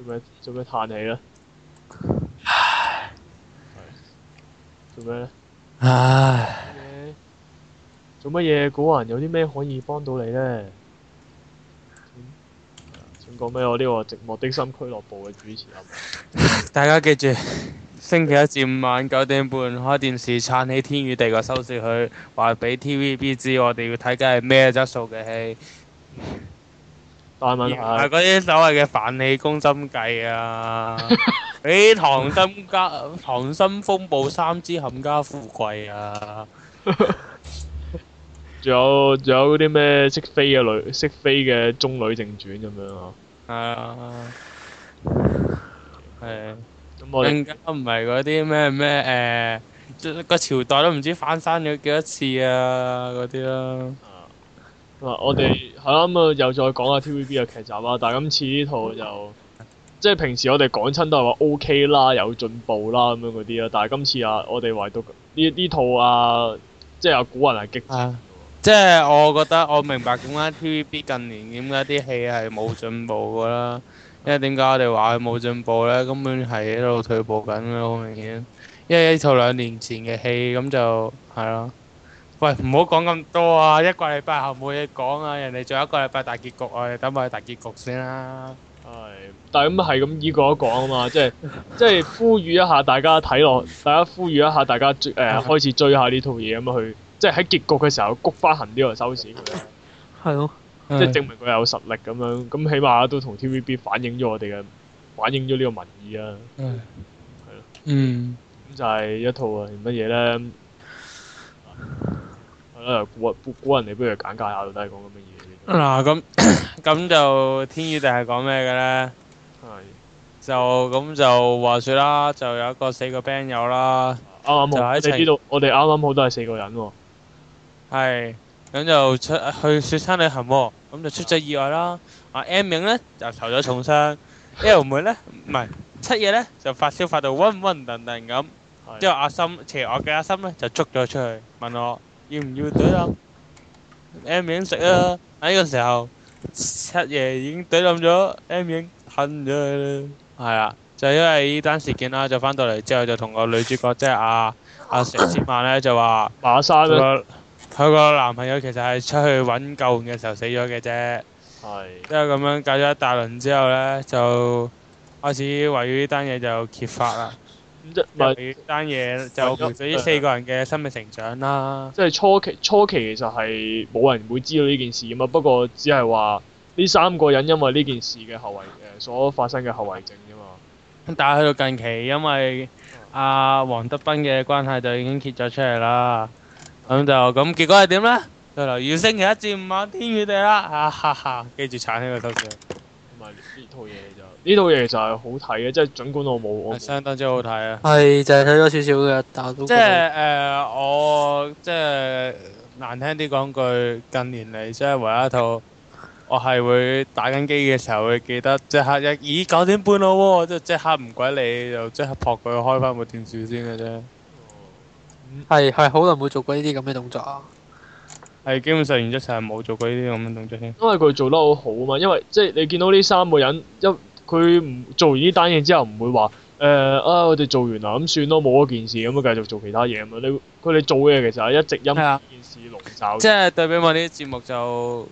做咩？做咩？嘆氣啦！唉，做咩咧？唉，做乜嘢？古人有啲咩可以幫到你咧？想講咩？我呢個寂寞的心俱樂部嘅主持人啊！大家記住，星期一至五晚九點半開電視，撐起天與地嘅收視，佢話俾 TVB 知我哋要睇緊係咩質素嘅戲。係嗰啲所謂嘅反起攻心計啊，俾、 欸、溏心家溏心風暴三之冚家富貴啊，仲 有仲有啲咩識飛嘅女識飛嘅《中女正傳》咁樣咯，係啊，係 啊。咁、啊、我更加唔係嗰啲咩咩誒，個、欸、朝代都唔知翻山咗幾多次啊嗰啲咯。我哋係啦咁啊，又再講下 TVB 嘅劇集啦。但係今次呢套就，即係平時我哋講親都係話 O.K. 啦，有進步啦咁樣嗰啲啦。但係今次啊，我哋話都呢啲套啊，即係啊古人係激啊，即係我覺得我明白點解 TVB 近年點解啲戲係冇進步嘅啦。因為點解我哋話佢冇進步咧？根本係喺度退步緊嘅，好明顯。因為呢套兩年前嘅戲，咁就係咯。喂，唔好講咁多啊！一個禮拜後冇嘢講啊，人哋仲有一個禮拜大結局啊，你等埋大結局先啦。係，但係咁係咁依講一講啊嘛，即係即係呼籲一下大家睇落，大家呼籲一下大家追誒開始追下呢套嘢咁啊去，即係喺結局嘅時候谷翻行呢個收視。係咯。即係證明佢有實力咁樣，咁起碼都同 TVB 反映咗我哋嘅反映咗呢個民意啊。嗯。係咯。嗯。咁就係一套啊，乜嘢咧？誒，古古古人哋不如嚟簡介下到底講緊乜嘢？嗱，咁咁就天宇定係講咩嘅咧？係就咁就話說啦，就有一個四個 band 友啦，啱啱好就喺呢度你知道我哋啱啱好都係四個人喎。係咁就出去雪山旅行，咁就出咗意外啦。阿 M 影咧就受咗重傷，L 妹咧唔係七夜咧就發燒發到暈暈沌沌咁，之後阿心邪惡嘅阿心咧就捉咗出去問我。要唔要懟冧？M 影食啊！喺呢、嗯、個時候，七爺已經懟冧咗，M 影恨咗佢啦。係啊，就因為呢單事件啦，就翻到嚟之後就同個女主角即係阿阿成千萬咧就話馬莎佢、那個、個男朋友其實係出去揾救援嘅時候死咗嘅啫。係的。因為咁樣搞咗一大輪之後咧，就開始圍繞呢單嘢就揭發啦。咁即單嘢就除咗呢四個人嘅生命成長啦。即係初期初期，其實係冇人會知道呢件事噶嘛，不過只係話呢三個人因為呢件事嘅後遺，誒所發生嘅後遺症啫嘛。 但係去到近期，因為阿黃、啊、德斌嘅關係就已經揭咗出嚟啦。咁就咁結果係點呢？就留意星期一至五晚天與地啦！啊哈哈，記住撐起個都市。呢套嘢就呢套嘢就係好睇嘅，即係盡管我冇，係相當之好睇啊！係就係睇咗少少嘅，但係都即係誒，我即係難聽啲講句，近年嚟即係唯一一套我係會打緊機嘅時候會記得即刻一咦九點半咯，啊，即即刻唔鬼理，就即刻撲佢開翻部電視先嘅啫。係係好耐冇做過呢啲咁嘅動作啊！係基本上原則上冇做過呢啲咁嘅動作添。因為佢做得好好啊嘛，因為即係你見到呢三個人一佢唔做完呢單嘢之後唔會話誒、呃、啊我哋做完啦咁、嗯、算咯冇一件事咁啊、嗯、繼續做其他嘢啊嘛，你佢哋做嘢其實係一直陰一件事籠罩。啊、即係對比埋啲節目就。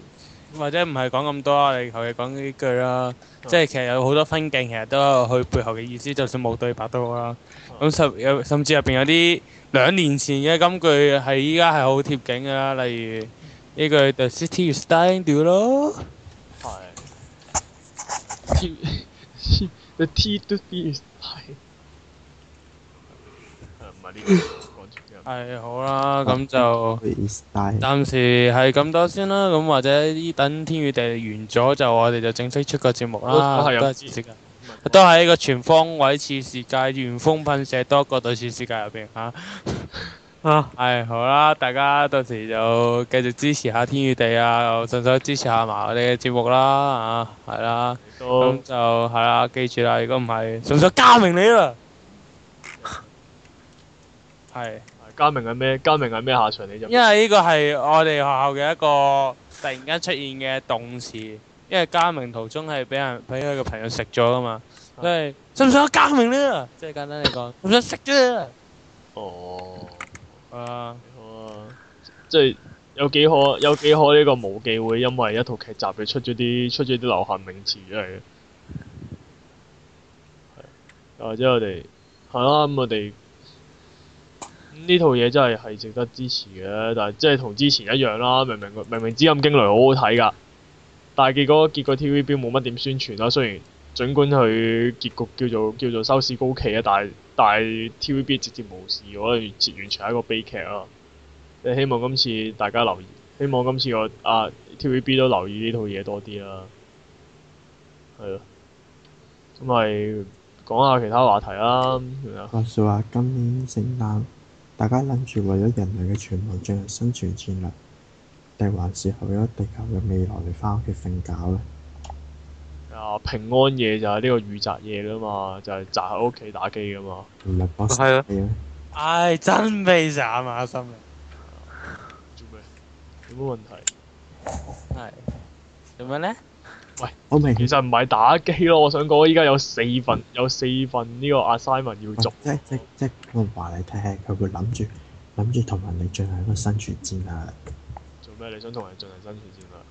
或者唔係講咁多啊，你求其講幾句啦。嗯、即係其實有好多分鏡，其實都有佢背後嘅意思，就算冇對白都好啦。咁甚有甚至入邊有啲兩年前嘅金句，係依家係好貼景嘅啦。例如呢句 The city is dying 掉咯。係、哎。The city to be is dying、哎。係、呢個。 係好啦，咁就暫時係咁多先啦。咁或者呢，等天與地完咗，就我哋就正式出個節目啦。都係知識都係一個全方位次世界，圓風噴射多個次世界入邊吓。係好啦，大家到時就繼續支持下天與地啊，又順手支持下埋我哋嘅節目啦啊，係啦，咁好、嗯、就係啦，記住啦，如果唔係，順手加明你啦，係。 嘉明係咩？嘉明係咩下場？你就因為呢個係我哋學校嘅一個突然間出現嘅動詞，因為嘉明途中係俾人俾佢個朋友食咗噶嘛，即係想唔想嘉明咧？即係簡單嚟講，唔想食啫。哦，係啊，哦，即係有幾可有幾可呢個冇機會，因為一套劇集佢出咗啲出咗啲流行名詞出嚟嘅，或者我哋係咯咁我哋。呢套嘢真係係值得支持嘅，但係即係同之前一樣啦。明明明明《紫禁驚雷》好好睇㗎，但係結果結果 TVB 冇乜點宣傳啦。雖然儘管佢結局叫做叫做收視高企啊，但係但係 TVB 直接無視我哋，完全係一個悲劇啦！希望今次大家留意，希望今次我啊 TVB 都留意呢套嘢多啲啦。係咯，咁咪講下其他話題啦。阿雪話，說話今年聖誕。大家諗住為咗人類嘅存亡進行生存戰略，定還是為咗地球嘅未來嚟返屋企瞓覺咧？啊！平安夜就係呢個預習夜噶嘛，就係宅喺屋企打機噶嘛。唔係我嘥唉，真悲慘啊！真、啊、嘅。做咩？有冇問題？係。做咩咧？喂，我明。其實唔係打機咯，我想講依家有四份，有四份呢個 assignment 要做。即即即我話你聽，佢會諗住諗住同人哋進行一個生存戰啊。做咩？你想同人哋進行生存戰啊？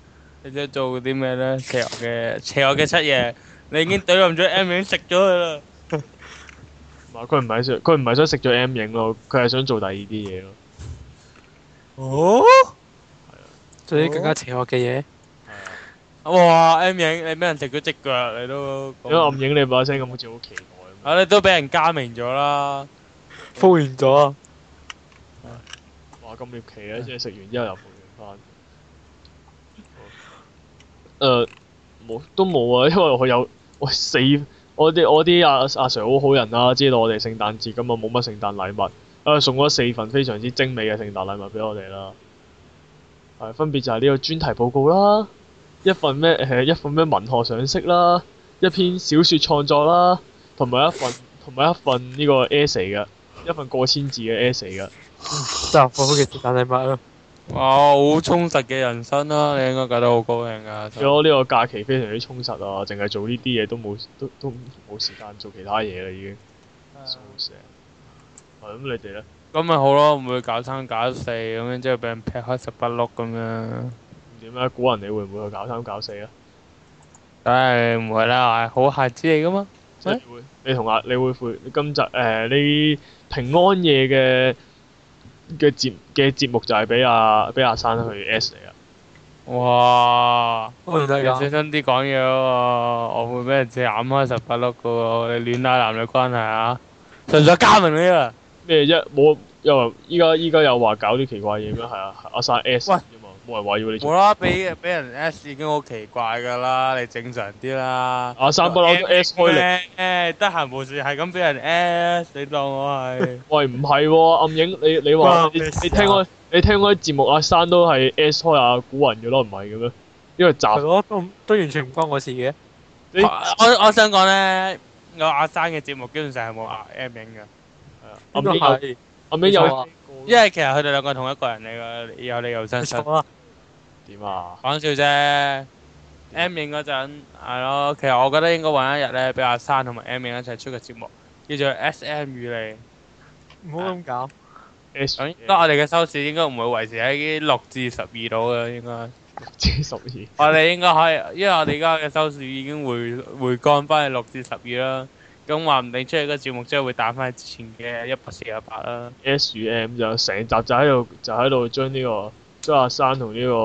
你想做啲咩咧？邪惡嘅邪惡嘅七爺， 你已經懟冧咗 M 影，食咗佢啦。唔佢唔係想佢唔係想食咗 M 影咯，佢係想做第二啲嘢咯。哦、oh? 係啊。做啲更加邪惡嘅嘢。哇！M 影，你俾人食咗隻腳，你都，因為暗影你把聲咁好似好奇怪。啊，你都俾人加明咗啦，復 完咗。哇！咁獵奇啊， 即係食完之後又復完翻。誒、呃，冇都冇啊，因為佢有喂四我啲我啲阿阿 sir 好好人啦、啊，知道我哋聖誕節咁啊，冇乜聖誕禮物啊，送咗四份非常之精美嘅聖誕禮物俾我哋啦。係、呃、分別就係呢個專題報告啦。一份咩？誒，一份咩文學賞識啦，一篇小説創作啦，同埋一份同埋一份呢個 essay 嘅，一份過千字嘅 essay 嘅，就放佢做大禮物咯。哇，好充實嘅人生啦、啊，你應該覺得好高興噶、啊。咁我呢個假期非常之充實啊，淨係做呢啲嘢都冇，都都冇時間做其他嘢啦，已經。收聲、啊。咁，啊、你哋咧？咁咪好咯，唔會搞三搞四，咁樣即係俾人劈開十八碌咁樣。點咧？估人哋會唔會去搞三搞四啊？唉，唔會啦，係好孩子嚟噶嘛。即係會，你同阿你會，你今集誒呢平安夜嘅嘅節嘅節目就係俾阿俾阿生去 S 嚟啊！哇！小心啲講嘢喎，我會俾人斬開十八碌噶喎！你亂拉男女關係啊？純粹家明嚟啊？咩一冇又話依家依家又話搞啲奇怪嘢咩？係啊，阿生 S。喂？冇啦，俾俾人 S 已經好奇怪噶啦，你正常啲啦。阿山不嬲都 S 開咧，得閒無事係咁俾人 S，你當我係？喂，唔係喎，暗影，你你話你聽開你聽開啲節目，阿山都係 S 開下古雲嘅咯，唔係嘅咩？因為集係咯，都都完全唔關我事嘅。我我想講咧，我阿山嘅節目基本上係冇阿暗影嘅。後尾又後尾又話，因為其實佢哋兩個同一個人嚟嘅，有理由相信。點啊？講笑啫。M 影嗰陣係咯，其實我覺得應該揾一日咧，俾阿珊同埋 M 影一齊出個節目，叫做 S.M. 與你。唔好咁搞。S 得我哋嘅收視應該唔會維持喺六至十二度嘅，應該。六至十二。我哋應該可以，因為我哋而家嘅收視已經回回降翻去六至十二啦。咁話唔定出嚟個節目之後會打翻去之前嘅一百四廿八啦。S.M. 就成集就喺度就喺度將呢個。即係阿生同呢個、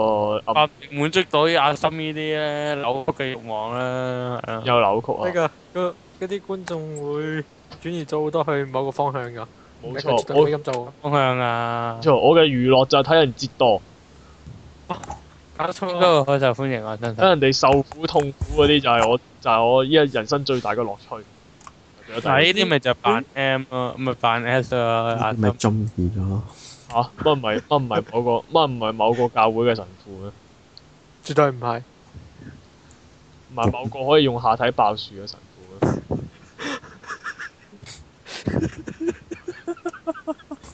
啊、滿阿，滿足到阿生呢啲咧扭曲嘅欲望啦，啊、又扭曲啊！呢個嗰啲觀眾會轉移咗好多去某個方向噶，冇錯，我方向啊，冇錯、哦，我嘅娛樂就係睇人折墮，啊，呢個好受歡迎啊，真係等人哋受苦痛苦嗰啲就係我，就係、是、我依家人生最大嘅樂趣。但係呢啲咪就係扮 M 啊，咪、嗯、扮 S 啊，咪、啊、中意咗。啊啊！乜唔係？乜唔係某個？乜唔係某個教會嘅神父啊，絕對唔係。唔係 某個可以用下體爆樹嘅神父啊 。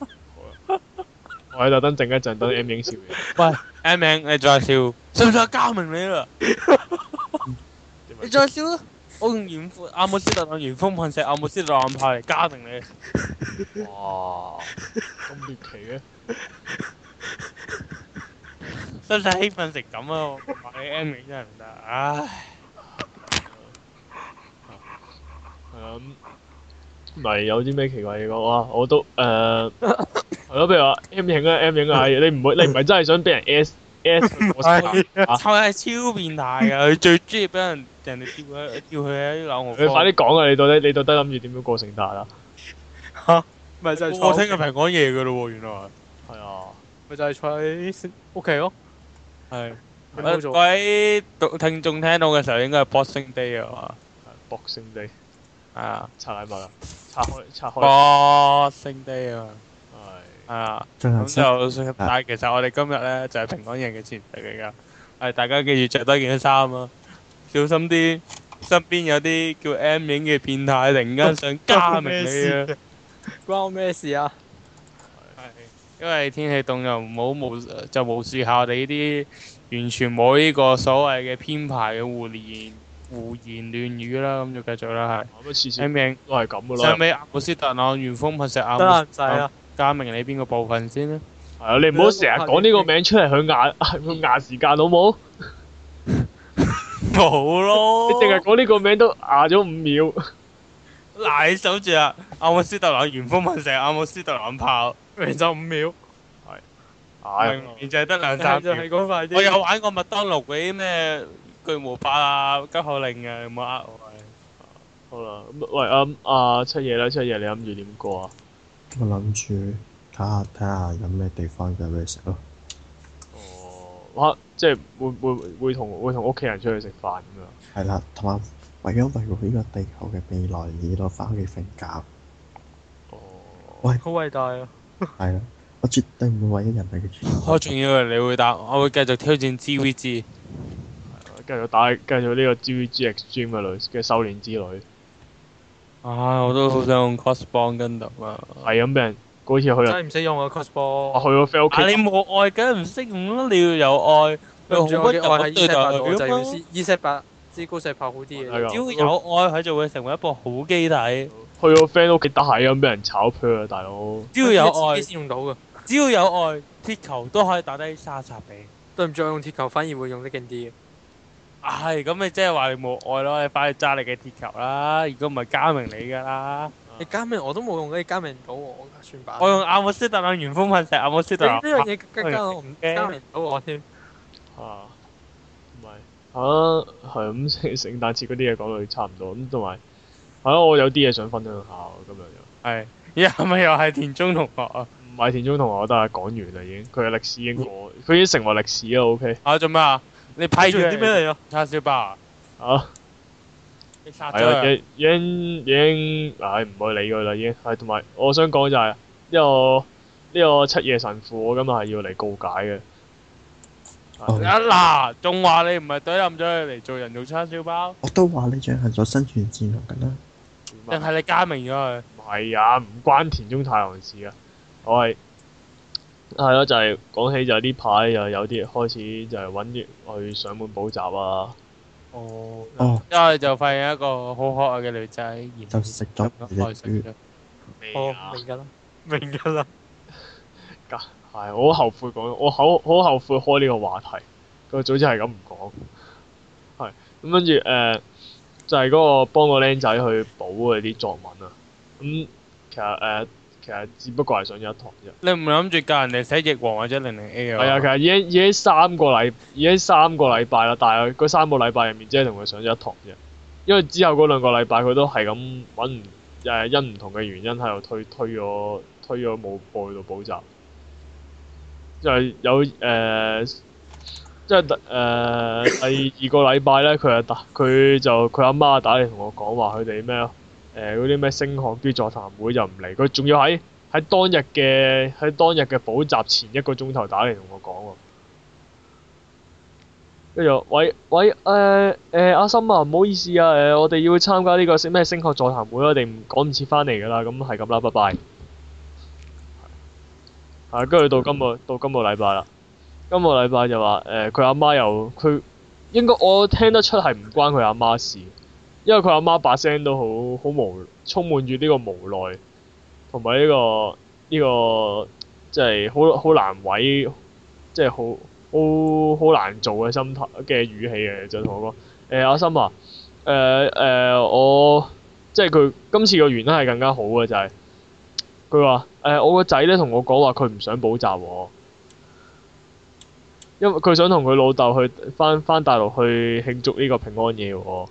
我喺度等靜一陣，等 M 英笑。喂，M M，你再笑，信唔使加明你啦？ 你再笑。 我用元富阿姆斯特朗元豐噴石，阿姆斯特朗派嚟加定你。哇！咁離奇嘅，真係興奮成咁啊！你 M 影真係唔得，唉。係啊，咁咪有啲咩奇怪嘢講？哇！我都誒係咯，譬如話 M 影啊，M 影啊，你唔會你唔係真係想俾人 S S 我抽嘢，抽嘢係超變態嘅，佢最中意俾人。人哋叫佢，叫佢喺樓我。你快啲講啊！你到底，你到底諗住點樣過聖誕啊？吓，咪就係我聽過平安夜噶咯？原來係啊，咪就係坐喺屋企咯。係。乜鬼？聽眾聽到嘅時候應該係 Boxing Day 啊嘛。係 Boxing Day。係啊，拆禮物啊，拆開，拆開。Boxing Day 啊。係。係啊。咁就，但係其實我哋今日咧就係平安夜嘅前提嚟噶。係大家記住着多件衫啊。小心啲，身邊有啲叫 M 影嘅變態，突然間想加明你啊！關我咩事啊？係，因為天氣凍又唔好無就無視下我哋呢啲完全冇呢個所謂嘅編排嘅胡言胡言亂語啦，咁就繼續啦，係。M 影都係咁噶咯。上尾阿布斯特啊，元豐拍成阿布。得啦，制啦。加明你邊個部分先咧？係啊，你唔好成日講呢個名出嚟，佢壓佢壓時間好冇？好咯，你淨係講呢個名都啞咗五秒。嗱，你守住啊，阿姆斯特朗原封唔成，阿姆斯特朗炮，用咗五秒，係，唉，淨係得兩站票。講快啲，我有玩過麥當勞嗰啲咩巨無霸啊、雞塊令啊，有冇呃我？好啦，喂，阿阿七夜啦，七夜，你諗住點過啊？我諗住睇下睇下有咩地方嘅有咩食咯。哦，我。即係會會會同會同屋企人出去食飯咁樣。係啦，同埋為咗維護呢個地球嘅未來，而攞返屋企瞓覺。哦，oh, 喂。好偉大啊！係啦，我絕對唔會為咗人類嘅。我仲以為你會答，我會繼續挑戰，TV、GVG 繼續打繼續呢個 GVG Extreme 嘅旅嘅修煉之旅。啊，我都好想用 Cross Bond 跟讀啊！係啊，明。嗰次去啊，唔使用我 cos 波。去我 friend 屋企。啊，你冇愛梗係唔識用啦，你要有愛。用咗啲愛對待佢。就用 E E 七八，啲高射炮好啲。係啊。只要有愛，佢就會成為一部好機體。去我 friend 屋企得閪啊，俾人炒 pair 啊，大佬。只要有愛先用到噶。只要有愛，鐵球都可以打低沙查比。對唔住，我用鐵球反而會用得勁啲。係，咁你即係話你冇愛咯，你翻去揸你嘅鐵球啦，如果唔係加明你噶啦。你加咩我都冇用，你加唔到我噶，算吧。我用阿姆斯特朗原封問世，阿姆斯特朗。整呢樣嘢加加我唔驚，加唔到我添。哦，唔係，啊，係咁，聖誕節嗰啲嘢講到差唔多，咁同埋，係咯，我有啲嘢想分享下，咁樣樣。係，而家係咪又係田中同學啊？唔係田中同學，但係講完啦已經，佢歷史已經過，佢已經成為歷史啦。O K。啊，做咩啊？你派啲咩嚟？叉燒包啊！啊。係啊，已已經已經，唉，唔、哎、去理佢啦，已經係。同埋，我想講就係呢個呢個七夜神父，我今日係要嚟告解嘅。哦嗯、啊嗱，仲話你唔係懟冧咗佢嚟做人做叉燒包？我都話你進行咗生存戰略噶啦，定係你加明咗佢。唔係啊，唔關田中太郎事啊，我係係咯，就係、是、講起就呢排啊，就有啲開始就係搵啲去上門補習啊。哦，哦，之後就發現一個好可愛嘅女仔，然後食咗，愛上咗，明噶啦，明噶啦，係， 我好後悔講，我好好後悔開呢個話題，咁啊，總之係咁唔講，係，咁跟住誒，就係、是、嗰個幫個僆仔去補嗰啲作文啊，咁、嗯、其實誒。呃其實只不過係上咗一堂啫。你唔係諗住教人哋寫翼王或者零零 A 啊？係啊，其實已經已經三個禮，已經三個禮拜啦。但係佢三個禮拜入面，即係同佢上咗一堂啫。因為之後嗰兩個禮拜，佢都係咁揾唔誒，因唔同嘅原因喺度推推咗推咗冇去到補習。就係、是、有誒，即、呃、係、就是呃、第誒第二個禮拜咧，佢就，就媽媽打佢就佢阿媽打嚟同我講話，佢哋咩咯？誒嗰啲咩升學啲座談會就唔嚟，佢仲要喺喺當日嘅喺當日嘅補習前一個鐘頭打嚟同我講，跟住我：喂喂誒誒阿森啊，唔好意思啊誒、呃，我哋要參加呢個咩升學座談會，啊，我哋唔趕唔切翻嚟㗎啦，咁係咁啦，拜拜。啊，跟住到今個到今個禮拜啦。今個禮拜就話誒佢阿媽又佢應該我聽得出係唔關佢阿媽事。因為佢阿媽把聲都好好無，充滿住呢個無奈，同埋呢個呢、呢個即係好好難為，即係好好好難做嘅心態嘅語氣嘅就同我講，誒、欸、阿森啊，誒、呃、誒、呃、我即係佢今次個原因係更加好嘅就係、係，佢話誒我個仔咧同我講話佢唔想補習喎，因為佢想同佢老豆去翻翻大陸去慶祝呢個平安夜喎。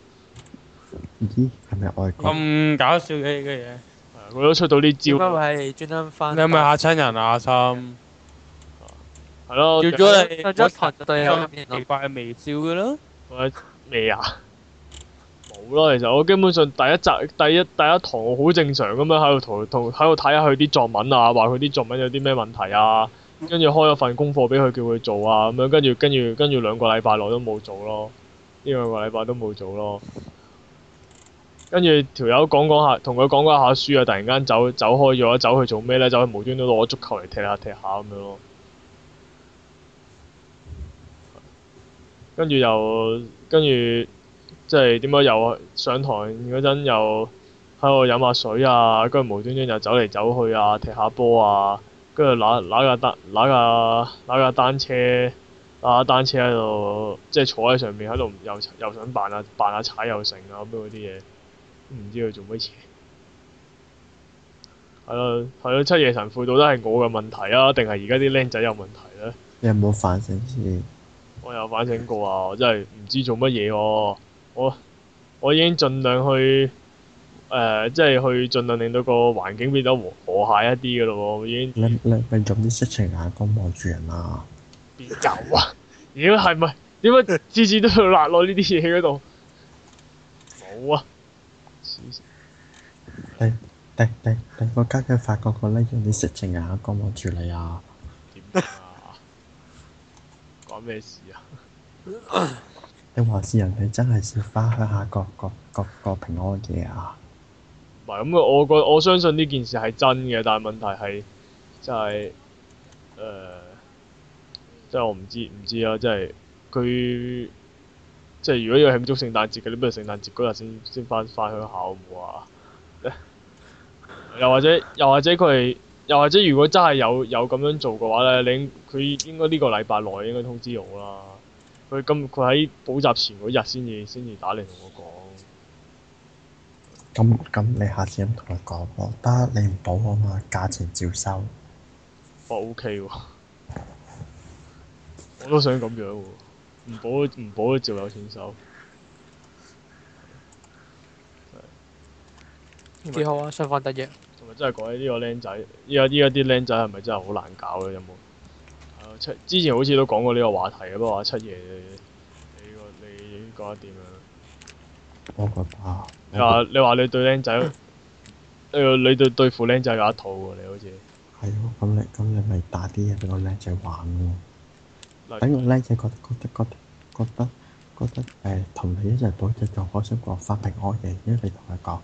唔知係咪外國咁搞笑嘅嘢，我、啊、都出到啲招。都係專登翻。你咪嚇親人啊，阿、啊、心。係咯，叫咗你。第一堂就帶有幾塊微笑噶啦。喂，未啊？冇咯、啊，其實我基本上第一集、第一、第一堂，我好正常咁樣喺度同同喺度睇下佢啲作文啊，話佢啲作文有啲咩問題啊，跟住開咗份功課俾佢叫佢做啊，咁樣跟住跟住跟住兩個禮拜內都冇做咯，呢兩個禮拜都冇做咯。跟住條友講講下，同佢講講下書啊！突然間走走開咗，走去做咩咧？走去無端端攞足球嚟踢下踢下咁樣咯。跟住又跟住，即係點解又上台嗰陣又喺度飲下水啊？跟住無端端又走嚟走去啊，踢下波啊！跟住攞攞架單，攞架攞架單車，攞架單車、就是、啊，單車喺度即係坐喺上面喺度，又又想扮下扮下踩又成啊！咁樣嗰啲嘢。唔知佢做乜嘢？係咯，係咯，七夜神父到底係我嘅問題啊，定係而家啲僆仔有問題咧？你有冇反省先？我有反省過啊！我真係唔知做乜嘢我，我已經盡量去誒、呃，即係去盡量令到個環境變得和和諧一啲嘅咯，已經。你你你用啲色情眼、啊、光望住人啊？邊夠啊？如果係咪？點解次次都要辣落呢啲嘢喺度？冇啊！第第第第個家嘅法國個呢樣你食剩啊，咁我住你啊？點啊？講咩事啊？ 你話是人哋真係食翻鄉下各個各個平安嘢啊？唔係咁，我個我相信呢件事係真嘅，但係問題係，就係誒，即、呃、係我唔知唔知啊，即係佢。即係如果要慶祝聖誕節嘅，你不如聖誕節嗰日先先翻翻鄉下好唔好啊？ 又或者又或者佢係又或者如果真係有有咁樣做嘅話咧，你佢應該呢個禮拜內應該通知我啦。佢今佢喺補習前嗰日先至先至打嚟同我講。咁咁你下次咁同佢講咯，得你唔補啊嘛，價錢照收。我、哦、OK 喎， 我都想咁樣喎。唔保唔保照有錢收。幾好啊！雙方得益。同埋真係講起呢個僆仔，依家依家啲僆仔係咪真係好難搞嘅有冇，啊？七！之前好似都講過呢個話題啊，不過七爺你，你你覺得點啊？我覺得。你話你話你對僆仔，誒 你，你對對付僆仔有一套喎，你好似。係咯，咁你咁你咪打啲嘢俾個僆仔玩喎。等我靚仔覺得覺得覺得覺得覺得誒同你一齊躲只狀況先講發平安夜，因為你同佢講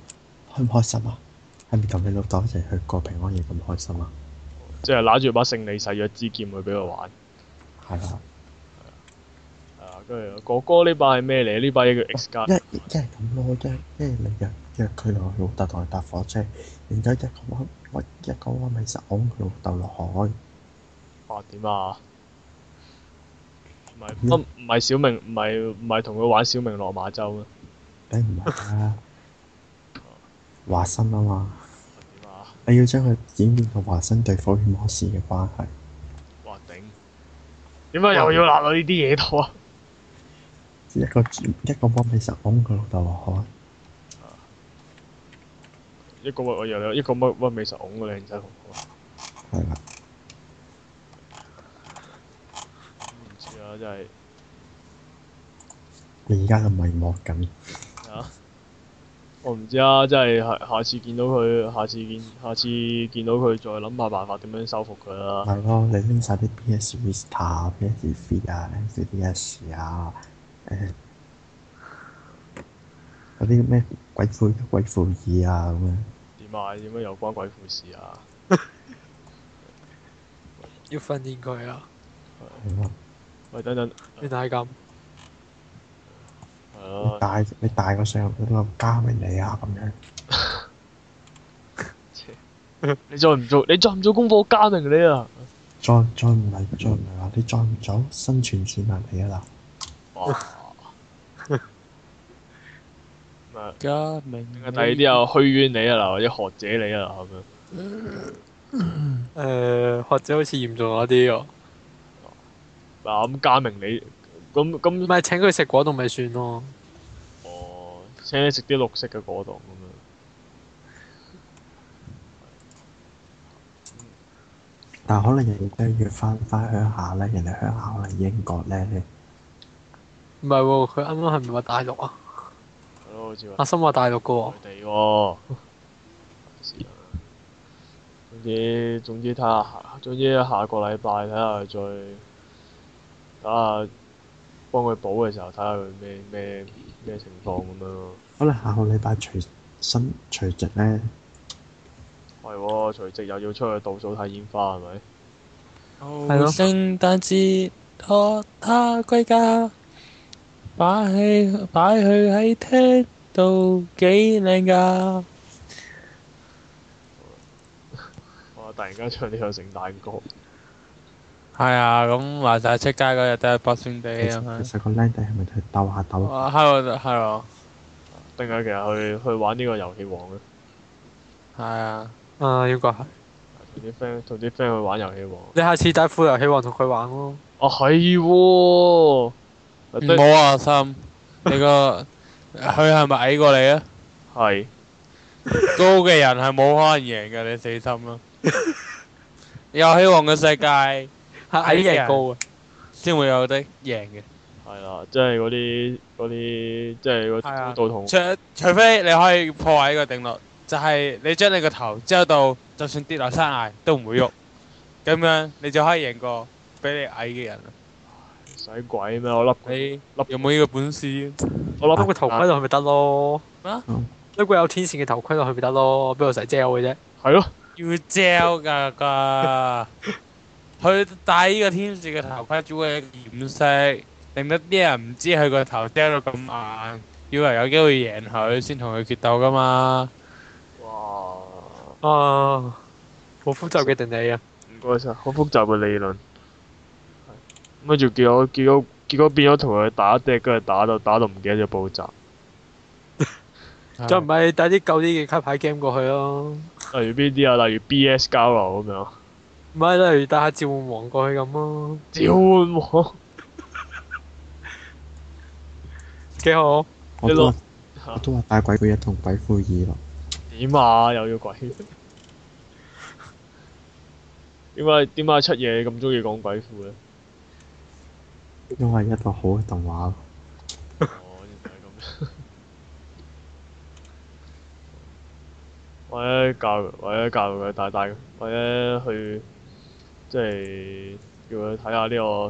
開唔開心啊？係咪同你老豆一齊去過平安夜咁開心啊？即係攞住把勝利誓約之劍去俾佢玩。係啦。誒，跟住哥哥呢把係咩嚟？呢把嘢叫 X 加。一，一係咁咯，一，一係你約約佢落去老豆同佢搭火車，然之後一平安，一一個平安夜走，老豆落海。哇！點啊？唔係，唔係小明，唔係唔係同佢玩，小明落馬洲咩？誒，唔係啊，華生啊嘛。你要將佢演變成華生對福爾摩斯嘅關係。哇頂！點解又要鬧到呢啲嘢度啊？一個轉一個幫美術拱個老豆啊，好啊！一個又一個幫幫美術拱個靚仔，好啊！係啦。我、啊、真係，你而家咁迷茫咁。我唔知啊，即係下次見到佢，下次見下次見到佢，再諗下辦法點樣修復佢啦。係咯、啊，你拎晒啲 B.S. Vista、b 啊，啲、啊欸、有啲咩鬼婦、鬼婦二啊咁樣。點啊？點樣有關鬼婦事啊？ 要訓練佢啊。喂，等等，等下你太監，你大你大個上你都話加明你啊，咁樣 你再唔做，你再唔做功課，加明你啊，再再唔係再唔係話，你再唔做生存線埋你啊啦，加明，第二啲又虛淵你啊啦，或者學者你啊咁樣，誒、 呃，學者好似嚴重咗啲哦。嗱，咁加明你咁，咁咪請佢食果凍咪算咯？哦，請你食啲綠色嘅果凍咁樣。但係可能人哋都要翻翻鄉下咧，人哋鄉下可能英國咧，你唔係喎？佢啱啱係咪話大陸啊？阿森話大陸嘅喎。佢哋喎。總之總之睇下，總之下個禮拜睇下再。啊，下，幫佢補嘅時候睇下佢咩咩咩情況咁樣咯。好啦，下個禮拜除夕除夕咧，係喎，除夕又要出去倒數睇煙花係咪？聖誕節，拖他歸家，擺去擺去喺廳度幾靚㗎！我 突然間唱呢個聖誕歌。係啊，咁話晒出街嗰日都係 Boxing Day 啊。其實個靚仔係咪去鬥下鬥？係啊，係啊。定係其實去去玩呢個遊戲王啊？係啊，啊應該係。同啲 friend 同啲 friend 去玩遊戲王，你下次帶副遊戲王同佢玩咯。哦，係喎。唔好啊，心你個佢係咪矮過你啊？係高嘅人係冇可能贏嘅，你死心啦！遊戲王嘅世界。矮嘅人高啊，先會有得贏嘅。係啦，即係嗰啲嗰啲，即係個高度同除除非你可以破壞個定律，就係你將你個頭遮到，就算跌落山崖都唔會喐。咁樣你就可以贏過比你矮嘅人。使鬼咩？我笠你笠有冇呢個本事？我笠翻個頭盔落去咪得咯？咩啊？一個有天線嘅頭盔落去咪得咯？邊度使遮嘅啫？係咯。要遮噶噶。佢戴呢個天使嘅頭盔，只為掩飾，令到啲人唔知佢個頭掉到咁硬，以為有機會贏佢，先同佢決鬥噶嘛。哇！啊，好複雜嘅定理啊！唔該晒，好複雜嘅理論。咁啊，仲結果結果結果變咗同佢打，跌跟住打到打到唔記得就補習。就唔係帶啲舊啲嘅卡牌 game 過去咯。例如邊啲啊？例如 B.S 交流咁樣。唔係嚟打召喚王過去咁咯，召喚王幾好？你都嚇都話帶鬼故一同鬼故二咯？點啊？又要鬼？點解點解出嘢咁中意講鬼故咧？因為一個好嘅動畫咯。哦，原來係咁。或者教，或者教佢大大，或者去。即係叫佢睇下呢個，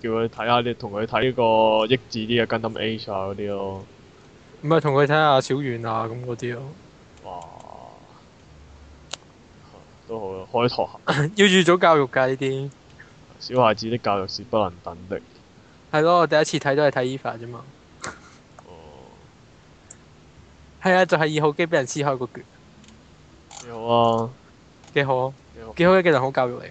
叫佢睇下你同佢睇呢個益智啲嘅、啊 Gundam Age 嗰啲咯。唔係同佢睇下小丸啊咁嗰啲咯。哇！都好，開拓下。 要預早教育噶呢啲。小孩子的教育是不能等的。係咯，我第一次睇都係睇 Eva 啫嘛。 哦。係啊，就係、是、二號機俾人撕開個卷。幾好啊！幾好！啊好，幾好嘅技能，好教育嚟。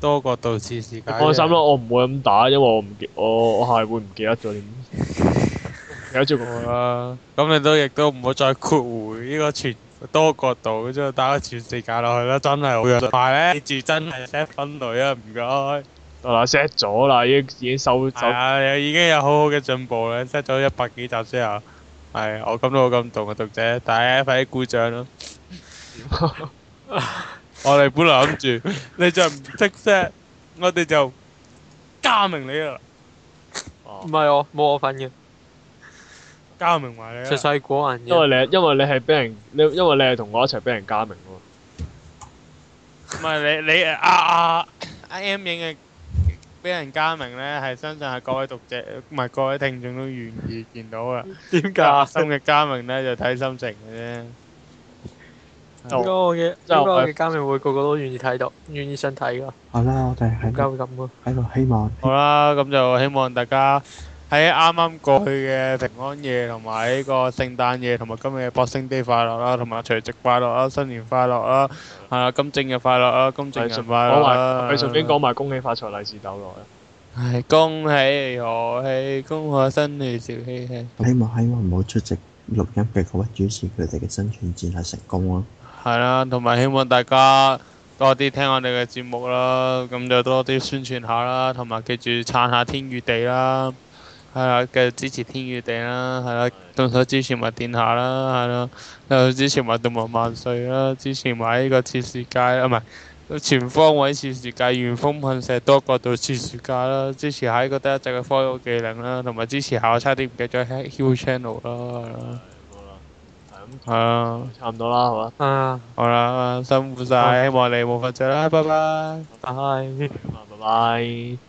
多角度試試解。放心啦，我唔會咁打，因為我唔記，我我係會唔記得咗點。有照顧我啦。咁 你都亦都唔會再括弧呢個全多角度，再打個全世界落去啦。真係好樣。同埋咧，記住真係 set 分類啊，唔該。嗱 set 咗啦，已經已經收走。係 啊，已經有好好嘅進步啦。set 咗一百幾集之後，係、啊、我感到好感動啊，讀者。大家快啲鼓掌啦。 我哋本嚟諗住你就唔識識，我哋就加名你啦。唔係我，冇我份嘅。加名埋你出世啊！因為你因為你係俾人，你因為你係同我一齊俾人加名喎。唔係你你啊啊！I M 影嘅俾人加名咧，係相信係各位讀者唔係各位聽眾都願意見到啊。點解啊？咁嘅加名咧就睇心情嘅啫。如果我嘅，如果我嘅家明會個個都願意睇到，願意想睇噶。好啦，我哋喺。家會咁噶，喺度希望。好啦，咁就希望大家喺啱啱過去嘅平安夜，同埋呢個聖誕夜，同埋今日嘅 Boxing Day 快樂啦，同埋除夕快樂啦，新年快樂啦，係啦，金正日快樂啦，金正日。你順便講埋，你順便講埋恭喜發財，利是逗來。唉，恭喜賀喜，恭賀新禧，笑嘻嘻。希望希望唔好出席錄音嘅各位主持，佢哋嘅生存戰係成功啦。係啦，同埋、啊、希望大家多啲聽我哋嘅節目啦，咁就多啲宣傳下啦，同埋記住撐下天與地啦，係啦、啊，繼續支持天與地啦，係啦、啊，動手支持埋殿下啦，係啦、啊，又支持埋動物萬歲啦，支持埋呢個知識界啊，唔係全方位知識界，原封噴射多角度知識界啦，支持一下呢個得一隻嘅科技技能啦，同埋支持下我差啲唔記得咗喺 Q Channel 咯。係啊，差唔多啦，係嘛？啊，好啦，好啦，辛苦晒，啊、希望你冇骨折啦，啊、拜拜，拜拜，拜拜。 拜拜。